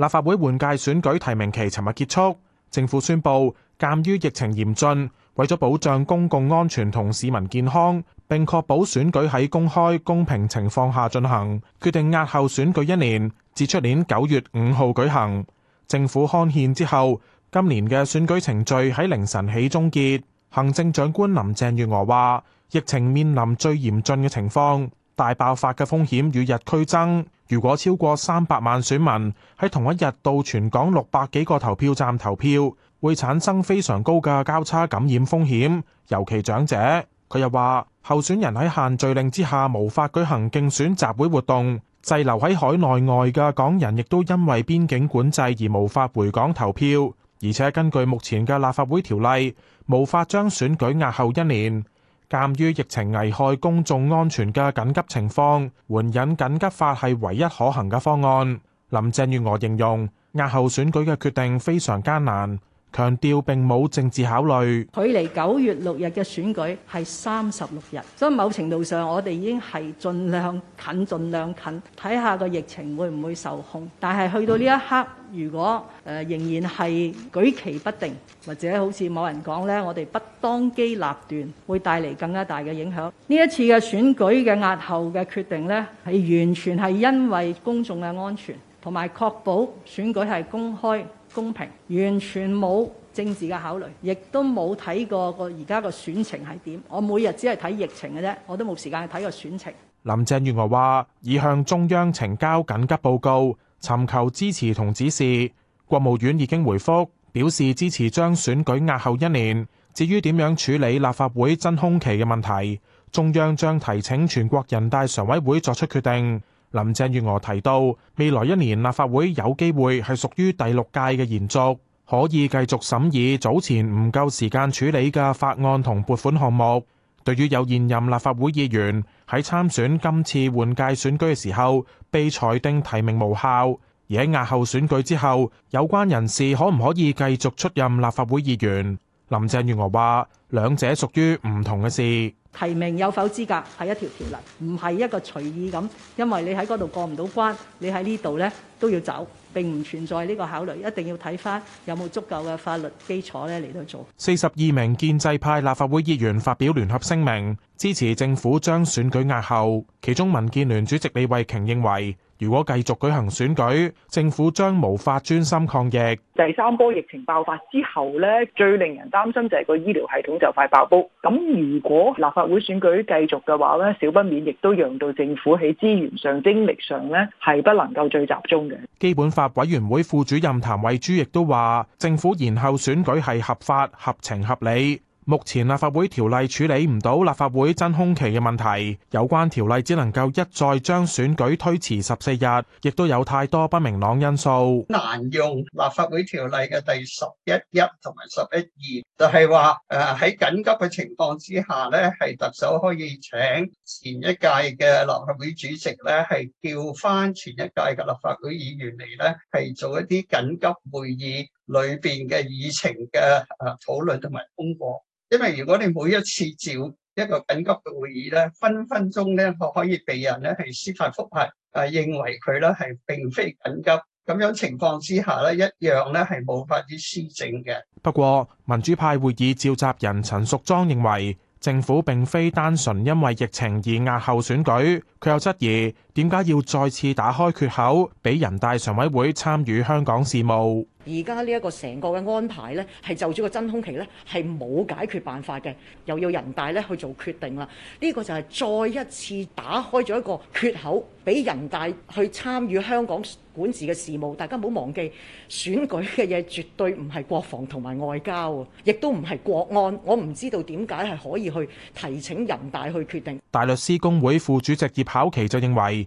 立法會換屆選舉提名期尋日結束，政府宣佈，鑒於疫情嚴峻，為咗保障公共安全同市民健康，並確保選舉喺公開公平情況下進行，決定押後選舉一年，至出年九月五號舉行。政府刊憲之後，今年嘅選舉程序喺凌晨起終結。行政長官林鄭月娥話，疫情面臨最嚴峻嘅情況，大爆發嘅風險與日俱增。如果超過三百萬選民喺同一日到全港六百幾個投票站投票，會產生非常高嘅交叉感染風險，尤其長者。佢又話，候選人喺限聚令之下無法舉行競選集會活動，滯留喺海內外嘅港人亦都因為邊境管制而無法回港投票，而且根據目前嘅立法會條例，無法將選舉押後一年。鑑於疫情危害公眾安全嘅緊急情況，援引緊急法係唯一可行嘅方案。林鄭月娥形容押後選舉嘅決定非常艱難。強調並冇政治考慮，距離九月六日嘅選舉係三十六日，所以某程度上我哋已經係盡量近盡量近，睇下個疫情會唔會受控。但係去到呢一刻，如果、呃、仍然係舉棋不定，或者好似某人講咧，我哋不當機立斷，會帶嚟更加大嘅影響。呢一次嘅選舉嘅押後嘅決定咧，係完全係因為公眾嘅安全同埋確保選舉係公開。公平，完全冇政治嘅考慮，亦都冇睇過個而家個選情係點。我每日只係睇疫情嘅啫，我都冇時間去睇個選情。林鄭月娥話：已向中央呈交緊急報告，尋求支持同指示。國務院已經回覆，表示支持將選舉押後一年。至於點樣處理立法會真空期嘅問題，中央將提請全國人大常委會作出決定。林鄭月娥提到，未來一年立法會有機會係屬於第六屆嘅延續，可以繼續審議早前唔夠時間處理嘅法案同撥款項目。對於有現任立法會議員喺參選今次換屆選舉嘅時候被裁定提名無效，而喺押後選舉之後，有關人士可唔可以繼續出任立法會議員？林鄭月娥話，兩者屬於唔同嘅事。提名有否資格係一條條例，唔係一個隨意咁。因為你喺嗰度過唔到關，你喺呢度咧都要走，並唔存在呢個考慮。一定要睇翻有冇足夠嘅法律基礎咧嚟到做。四十二名建制派立法會議員發表聯合聲明，支持政府將選舉押後。其中民建聯主席李慧瓊認為。如果繼續舉行選舉，政府將無法專心抗疫。第三波疫情爆發之後咧，最令人擔心就係個醫療系統就快爆煲。咁如果立法會選舉繼續嘅話咧，少不免亦都讓到政府喺資源上、精力上咧係不能夠最集中嘅。基本法委員會副主任譚慧珠亦都話，政府延後選舉係合法、合情、合理。目前立法會條例處理唔到立法會真空期嘅問題，有關條例只能夠一再將選舉推遲十四日，亦都有太多不明朗因素，難用立法會條例嘅第十一一同埋十一二，就係話誒喺緊急嘅情況之下呢，係特首可以請前一屆嘅立法會主席咧，係叫返前一屆嘅立法會議員嚟，呢係做一啲緊急會議。裏邊嘅議程嘅啊討論同埋通過，因為如果你每一次召一個緊急嘅會議咧，分分鐘咧可可以被人咧係司法覆核啊認為佢咧係並非緊急，咁樣情況之下咧一樣咧係冇法子施政嘅。不過民主派會議召集人陳淑莊認為政府並非單純因為疫情而押後選舉，佢又質疑。點解要再次打開缺口，俾人大常委會參與香港事務？而家呢一個成個嘅安排呢，係就住個真空期呢，係冇解決辦法嘅，又要人大呢去做決定啦。呢個就係再一次打開咗一個缺口，俾人大去參與香港管治嘅事務。大家唔好忘記，選舉嘅嘢絕對唔係國防同埋外交，亦都唔係國安。我唔知道點解係可以去提請人大去決定。大律師公會副主席葉巧琪就認為。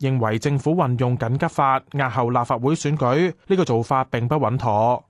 認為政府運用緊急法押後立法會選舉，呢、這個做法並不穩妥。